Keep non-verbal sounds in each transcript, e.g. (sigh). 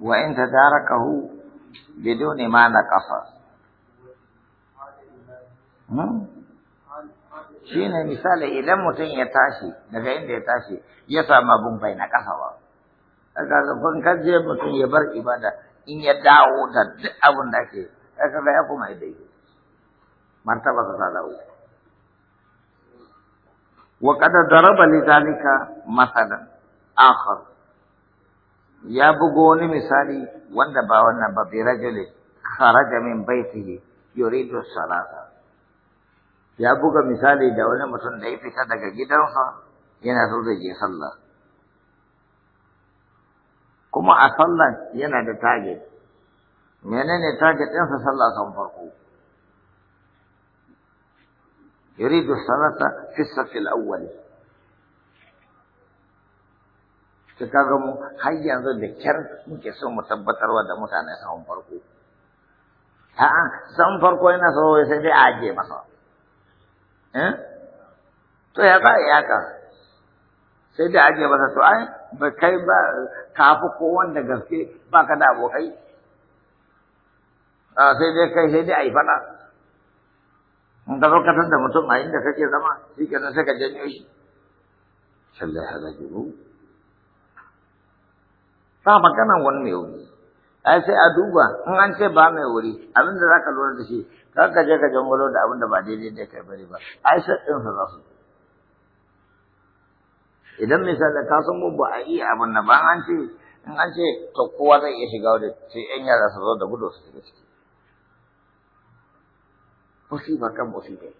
وإن تداركه بدون ما نقص shi ne misali idan mutum ya tashi daga inda ya tashi ya samu abin bai na ƙasa ba daga zafin kaje mutum ya bar ibada in ya dawo da duk abin da ake daga ya kuma ya daidai martaba ta dawo وقد ضرب لذلك مثلا آخر يا بقول مثالي وند باونا برجل خرج من بيته يريد الصلاة ya buga misali da wani mutum da ya fita daga gidansa yana so zai je sallah kuma a sallah yana da target menene target ɗinsa sallah kan farko يريد الصلاة في الصف الأول ta kaga mu har yanzu da kyar muke so mu tabbatar wa da mutane sahun farko a'a sahun farko yana so sai dai a aje masa eh to ya ba ya ka sai dai aje masa to ai ba kai ba kafi ko wanda gaske baka da abokai a sai dai kai sai dai ai fada in ka zo ka da mutum a inda kake zama shi kenan sai ka janyo shi sallai halajibu ta maganan wani mai wuri ai sai a duba in an ce ba mai wuri abin da ka lura da shi kar ka je ka jangolo da abin da ba daidai da kai bari ba ai sai din sa za su idan misali ka san mu ba a iya abin da ba an ce in an ce to kowa zai iya shiga wurin sai yan yara su zo da gudu su shiga ciki musibar kan musibar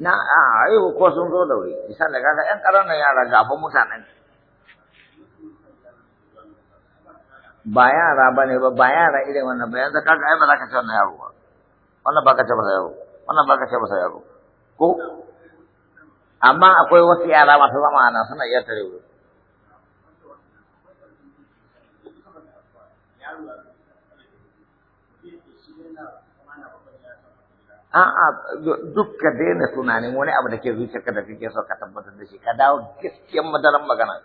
na a ai ko sun zo da wuri misali kaga yan ƙananan yara ga gaban mutanen ba yara ba ne ba ba yara irin wannan ba yanzu kaga ai ba za ka ce wannan yaro ba wannan ba ka ce masa yaro wannan ba ka ce masa yaro ko amma akwai wasu yara masu zama ana suna iya tare wuri a'a duk ka daina tunanin wani abu da ke ka da kake so ka tabbatar da shi ka dawo gaskiyar madaran magana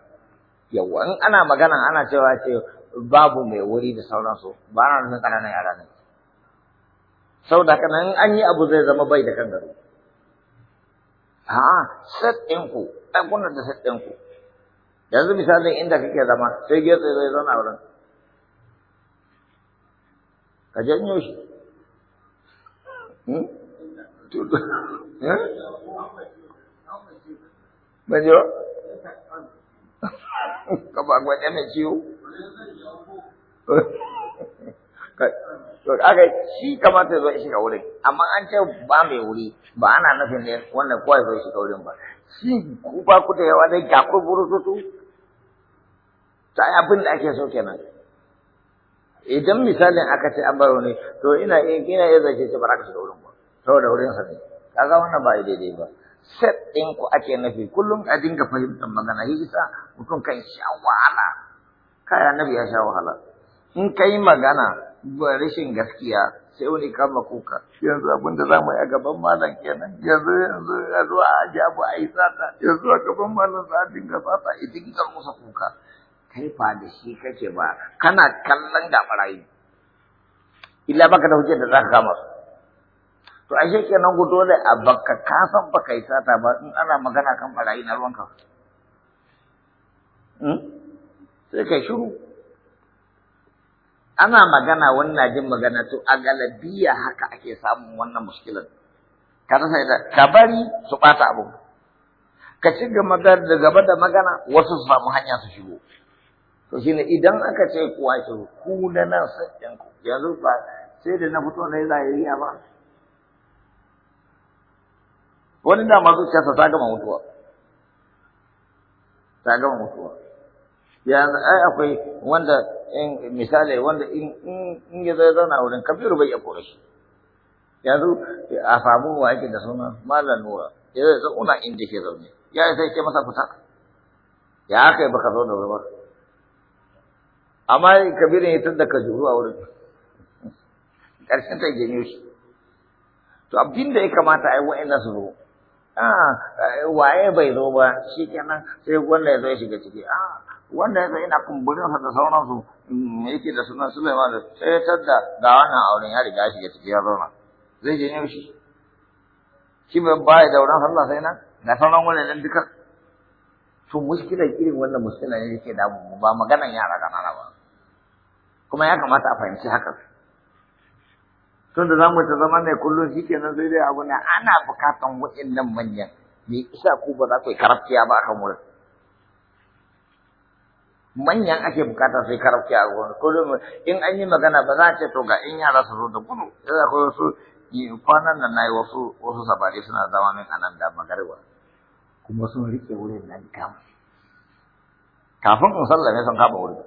yawa in ana magana ana cewa ce babu mai wuri da sauransu ba na nufin ƙananan yara ne saboda haka nan an yi abu zai zama bai da kan gari a'a set ɗinku ɗakunan da set ku. yanzu misalin inda kake zama sai gefe zai zauna wurin ka janyo shi Hmm? Ban ji (laughs) (laughs) ba? Kafa gwaje mai ciwo? Aka shi kamata zo shiga wurin, amma an ce ba mai wuri ba ana nufin ne wannan kowa zo shiga wurin ba. Shi ku ba ku da yawa dai ga ku burututu? Ta abin da ake so kenan. idan misalin aka ce an baro ne to ina ina iya ke ce ba shiga wurin ba saboda wurin sa ne kaga wannan ba daidai ba set ɗin ku ake nafi kullum a dinga fahimtar magana yi isa mutum kan sha wahala kaya nabi ya sha wahala in ka yi magana ba rashin gaskiya sai wani kama kuka yanzu abin da za mu yi a gaban malam kenan yanzu yanzu a zuwa a abu yi sata yanzu a gaban malam za a dinga sata a dinga musa kuka kai da shi kake ba kana kallon da barayi illa baka da hujjar da zaka kama su to ashe kenan ku dole a baka ka san baka yi sata ba in ana magana kan barayi na ruwanka hmm? sai kai shiru ana magana wannan jin magana to a galabiya haka ake samun wannan muskilan ka rasa da ka bari su bata abu ka ci gaba da gaba da magana wasu su samu hanya su shigo to shine idan aka ce kuwa shiru ku na nan sakin ku yanzu ba sai da na fito na yi zahiriya ba wani da masu ciyarsa ta gama mutuwa ta gama mutuwa yanzu ai akwai wanda in misali wanda in in ya zai zauna wurin kabiru bai ya kore shi yanzu a samu wa yake da suna malam nura ya zai zauna inda ke zaune ya sai ke masa fita ya aka yi baka zo da wuri ba amma kabirin ya da ka juru a wurin ƙarshen ta geniyo shi to abin da ya kamata yi wa'annan su zo ah eh, waye bai zo ba shi kenan sai wanda ya zo ya shiga ciki ah wanda ya zo yana kumburin sa da sauransu mm, yake da sunan Sulaiman da sai ya tadda da wannan auren ya riga ya shiga ciki ya zauna zai geniyo shi shi ba baya da wurin Allah sai na da sauran wannan duka to muskilar irin wannan muskila ne yake damu ba maganan yara kanana ba kuma ya kamata a fahimci haka tun da zamu ta zama ne kullum shikenan sai dai abu ne ana bukatan wa'annan manyan me isa ku ba za ku yi karafkiya ba akan wurin manyan ake bukata sai karafkiya a wurin kullum in an yi magana ba za a ce to ga in yara su zo da gudu sai akwai wasu kwanan nan nayi wasu wasu sabari suna zama min anan da magarwa kuma sun rike wurin nan kam kafin in sallame sun kaba wurin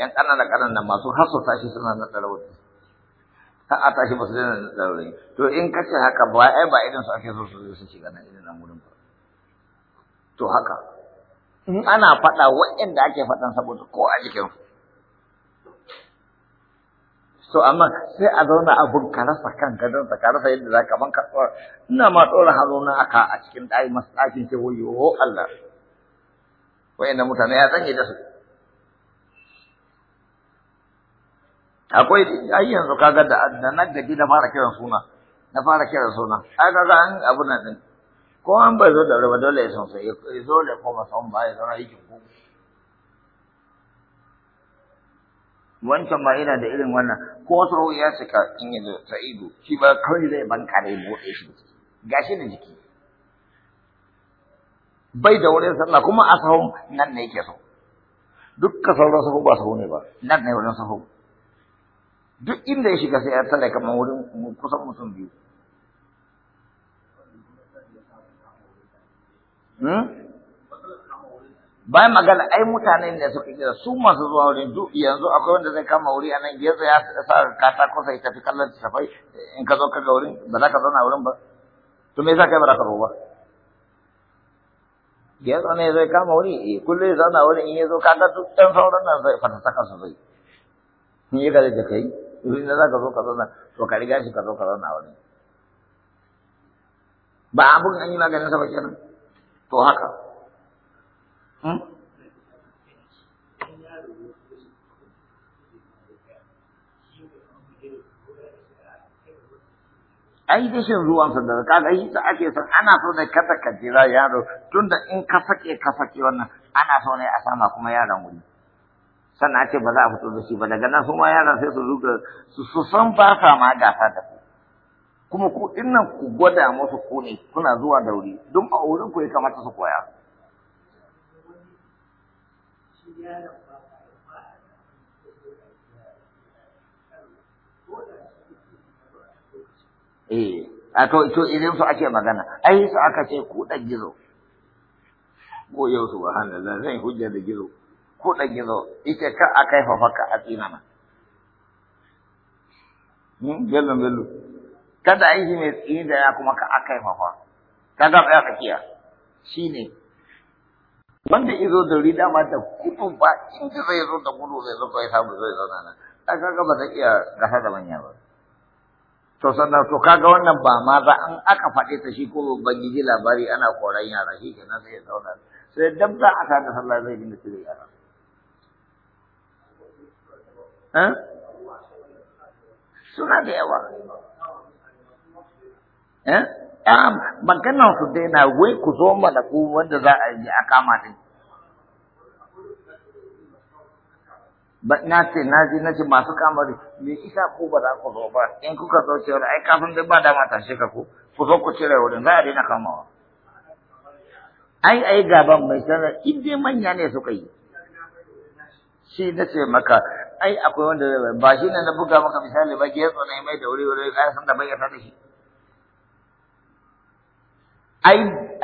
yan ƙanana ƙanana masu hassasa shi suna na ɗarawar a tashi ba su dana na ɗarawar to in ka ce haka ba ai ba idan su ake so su su shiga na idan nan wurin ba to haka in mm-hmm. ana faɗa waɗanda ake faɗan saboda ko a jikinsu to amma sai a zauna abun ka rasa kanka don ka rasa yadda za ka ban ka tsora ina ma tsora harona aka a cikin ɗari masu ɗakin ce wayo Allah Wa'inda mutane ya zanye da su akwai ai yanzu kaga da da na gaji na fara kiran suna na fara kiran suna ai ga an abu na din ko an bai zo da ruwa dole ya sai ya zo da kuma son ba ya zara yake ko wancan ma yana da irin wannan ko tsoro ya saka in yi zo sa'idu shi ba kawai zai bankare bude shi gashi da jiki bai da wurin sallah kuma a sahun nan ne yake so dukkan sauran sahu ba sahun ne ba nan ne wurin sahu duk inda ya shiga sai ya tsare kamar wurin kusan mutum biyu hmm? bayan magana ai mutane ne suka kira su masu zuwa wurin duk yanzu akwai wanda zai kama wuri a nan yanzu ya sa ka katako sai tafi kallon tafai in ka zo ka ga wurin ba za ka zauna wurin ba to me yasa kai ba za ka zo ba ya zo ne zai kama wuri eh kullum ya zauna wurin in ya zo ka ga duk ɗan sauran nan zai fata saka su zai in ya gaza da kai wurin da za ka zo ka zauna to ka riga shi ka zo ka zauna wani ba abun an yi maganin sa ba kenan to haka hmm? ai dashin ruwansa da kaga yi da ake son ana so ne kada ka jira yaro tunda in ka sake ka sake wannan ana so ne a sama kuma yaron wuri sannan a ce ba za a fito da shi ba daga nan su ma yaran sai su zuga su su san ba sa ma gasa da ku kuma ku dinnan ku gwada musu ku ne kuna zuwa da wuri don a wurin ku ya kamata su koya Eh, a to to idan su ake magana, ai su aka ce ku dan gizo. Ko yau subhanallah zan hujja da gizo. ko gizo ita ka a kai ka a tsina na. Hmm, bello bello. Kada yi mai tsini da ya kuma ka a kai fafa. Ka ga ya tsakiya. Shi ne. Wanda izo da wuri dama da kudu ba inda zai zo da gudu zai zo kai samu zai zauna nan. A ga ba ta iya gasa da manya ba. To sannan to kaga wannan ba ma za an aka faɗe ta shi ko ban labari ana koran yara shi kenan sai ya zauna. Sai dabda aka da sallah zai shi cire yara. suna da yawa maganan su daina wai ku zo malaku wanda za a yi a kama din na ce na ji na ce masu kama kamari me isa ku ba za ku zo ba in kuka zo wani ai kafin dai ba dama ta ka ku ku zo ku cire wurin za a daina kamawa ai ai gaban mai sanar in dai manya ne suka yi shi na ce maka ai akwai wanda zai ba shi ne na buga maka misali ba ke yatsa mai da wuri wuri ai san da bai yarda da shi ai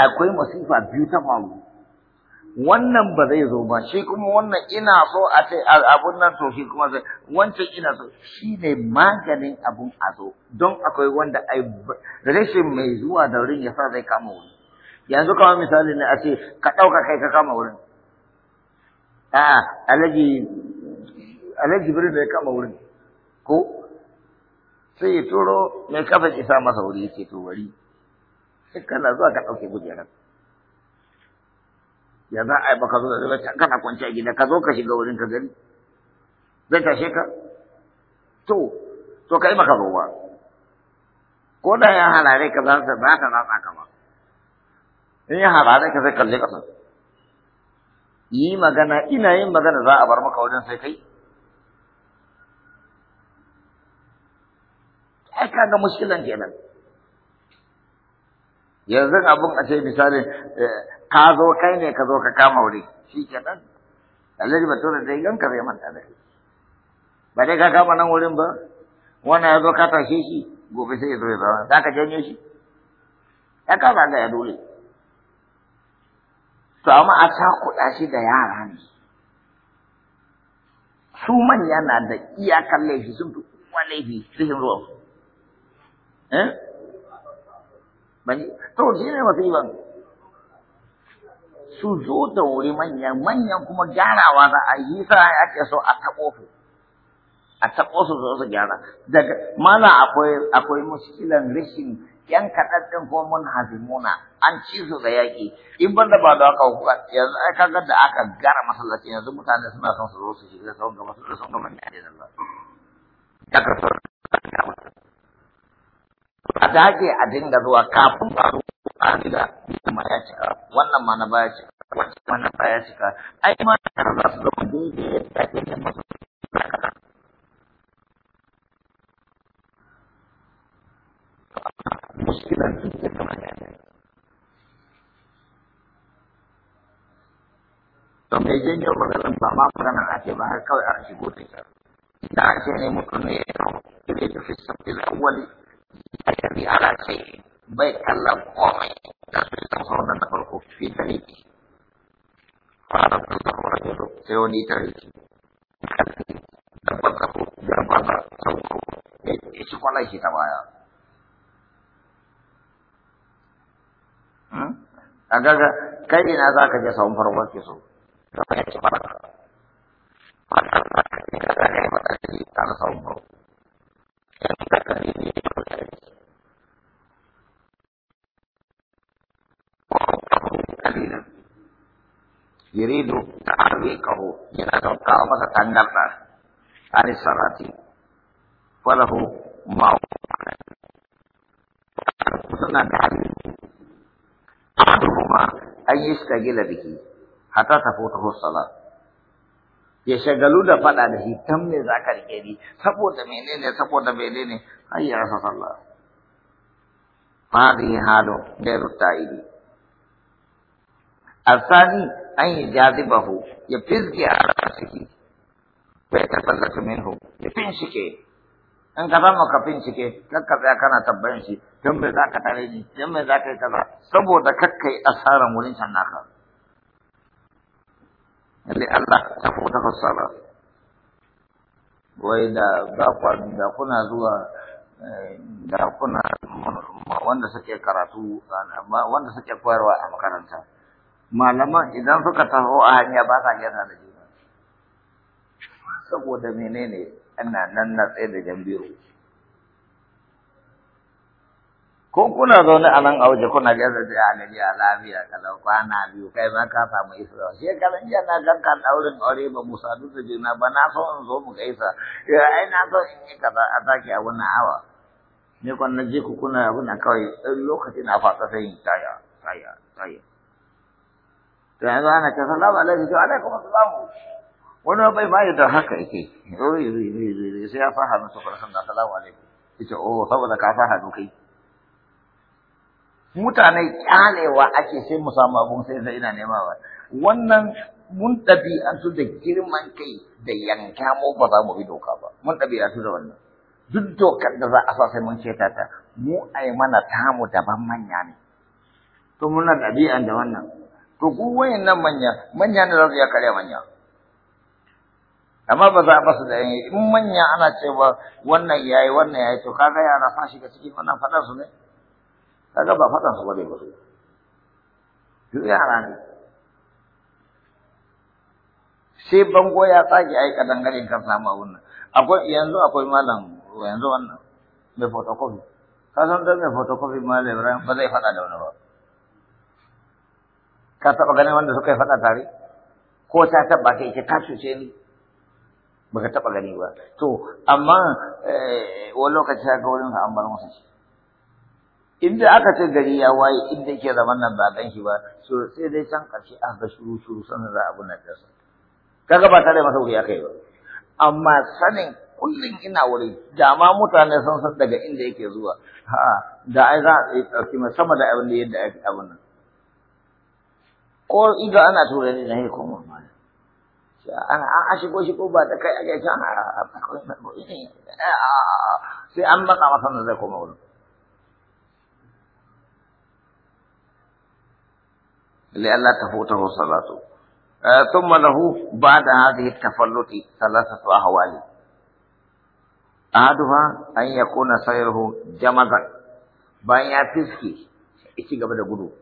akwai masifa biyu ta faru wannan ba zai zo ba shi kuma wannan ina so a ce abun nan to shi kuma sai wancan ina so shi ne maganin abun a zo don akwai wanda ai rashin mai zuwa da wurin ya sa zai kama wuri yanzu kamar misali ne a ce ka ɗauka kai ka kama wurin a'a alaji alhaji da ya kama wurin ko sai ya turo mai kafa isa masa wuri ce to wari sai kana zuwa ka ɗauke kujerar ya za a yi baka zo da zuwa kana kwanci a gida ka zo ka shiga wurin ka gani zai tashe ka to to yi baka zo ba ko da ya halarai ka za ta za ta ratsa ka in ya halarai ka sai kalle ka yi magana ina yin magana za a bar maka wajen sai kai kaga mushkilan kenan yanzu abun a ce misalin eh, ka zo kai ne ka zo ka kama wuri shi kenan alhaji bature dai yanka zai manta da ba dai ka kama nan wurin ba wannan ya zo ka tashe shi gobe sai ya zo ya zama za ka janyo shi ya kama ga ya dole to amma a kuɗa shi da yara ne su manya na da iyakan laifi sun fi kuma laifi yi ruwan eh to shi ne masiban su zo da wuri manyan manyan kuma gyarawa za a yi sa ake so a taɓo su a taɓo su zo su gyara daga mana akwai akwai muskilan rashin yan kaɗan ɗin ko mun hazimuna an ci su da yaƙi in ban da ba da aka hukuka yanzu aka ga da aka gara masallaci yanzu mutane suna son su zo su shiga sun masu da sun manyan ne a da Allah. a dage a dinga zuwa kafin faru a gida ma ya cika wannan ma na baya cika wancan ma na baya cika ai ma za su zama daidai ya ke da masu muskilan ita kamar yadda to mai janyo maganar ba ma magana ake ba har kawai a shigo da ita da ake ne mutum ne ya kawo ne da fiskan fil awwali a ala ce bai kallon komai da su ta sauna na farko fi riki fara da ta fara da sai wani riki da ba ta ko da ba ta sauko ya ci kwallon shi ta baya a gaga kai ina za ka je sauran farko ke so ka ci ta fara da ka ne ba ta ba ta sawun ba yuridu ta'awiqahu yana son kawo masa tangarda an sarati falahu ma'u suna da an yi ya shagalu da faɗa da shi ne za ka rike ni saboda menene saboda menene ya rasa sallah fadi hado da rutaidi asani an yi jazibahu ya fizge a ciki bai tasallatu minhu ya finshike in ka zama ka finshike kar ka tsaya kana tabbayin shi don bai za ka tare ni don bai za ka yi kaza saboda kakkai asaran wurin can naka Allah ta fita fassara wai da ba kuna zuwa eh, da kuna wanda suke koyarwa a makaranta malaman idan suka taho a hanya ba sa gyara da juna saboda menene ana nan na tsaye da jambiro ko kuna zaune a nan a waje kuna gyara da ya gaji a lafiya kalau kwana biyu kai ma ka samu isra shekaran jiya na ganka daurin aure ba mu sadu da juna ba na so in zo mu gaisa ya ai na so in yi kaza a zaki a wannan awa ne kwan na ku kuna abin kawai lokacin a fasa sai in taya taya taya to yanzu ana ka salamu alaikum to alaikum assalamu wani bai ma yadda haka yake sai ya faha musu farkon da salamu alaikum yace oh saboda ka faha kai mutane kyalewa ake sai mu samu abun sai sai ina nema ba wannan mun ɗabi'antu da girman kai da yanka mu ba za mu bi doka ba mun ɗabi'antu da wannan duk dokar da za a sa sai mun ceta ta mu ai mana tamu daban manya ne to muna ɗabi'an da wannan to ku nan manya manya ne za su iya karya manya amma ba za a basu da yanyi in manya ana cewa wannan yayi wannan yayi to kaga yara fa shiga cikin wannan fadan su ne kaga ba faɗa su ba dai ba su yara ne sai bango ya tsage ai kadangaren kan samu abun nan akwai yanzu akwai malam yanzu wannan mai photocopy ka san da mai photocopy malam Ibrahim ba zai faɗa da wani ba ka taɓa ganin wanda suka yi faɗa tare ko ta taɓa ka ita ta cuce ni baka taɓa gani ba to amma eh, wani lokaci ga wurin ka an bar masa shi inda aka ce gari ya waye inda yake zaman nan ba gan shi ba so sai dai can ƙarshe a ga shuru shuru sanin za abu na ƙasa kaga ba tare masa wuri aka yi ba amma sanin kullum ina wuri da ma mutane sun san daga inda yake zuwa ha da ai za a ɗauki sama da abin da yadda abin nan ko ido ana tura ne na yi kuma mana an an shigo shigo ba da kai ake can sai an matsa masa da zai koma wurin لئلا تفوته صلاته ثم له بعد هذه التفلت ثلاثة أهوال أحدها أن يكون سيره جمدا بأن يفسكي إيش قبل قدوم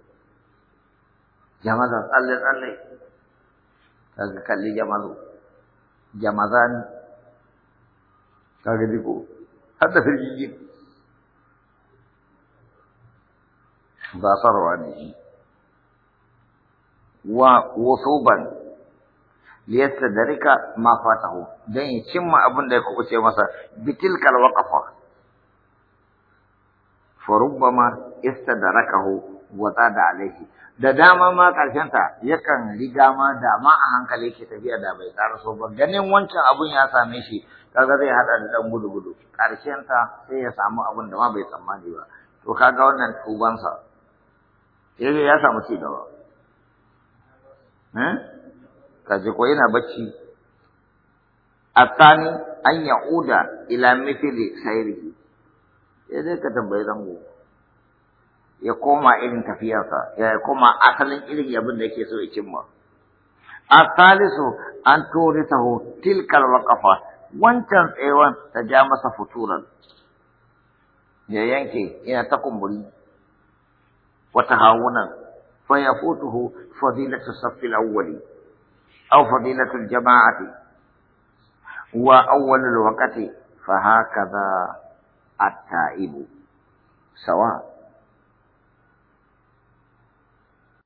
jama'a tsalle tsalle kaga kalli jamalu jamazani kaga diko har da firgigin ba sarwa ne shi wa wusuban rika ma fatahu dan ya cimma abin da ya kubuce masa bitilkal waqafa fa rubbama istadarakahu wata da alaihi da dama ma ta yakan riga ma da ma a hankali ke tafiya da bai tsara so ba ganin wancan abun ya same shi kaga zai hada da dan gudu gudu ta sai ya samu abun da ma bai tsammani ba to kaga wannan tubansa yaje ya samu ci gaba eh kaje ko yana bacci الثاني أن ila mithli مثل yaje ka tambayi بيضا ya koma irin tafiyarsa ya koma asalin irin abin da yake so ya cimma Salisu, an tori taho tilkar wakafa wancan tsewan ta ja masa futuran ya yanke yana ta kumburi wata hawunan fa ya futuhu fadilatu safil awwali aw fadilatu jama'ati wa awwalul waqti fa hakaza at-ta'ibu sawa'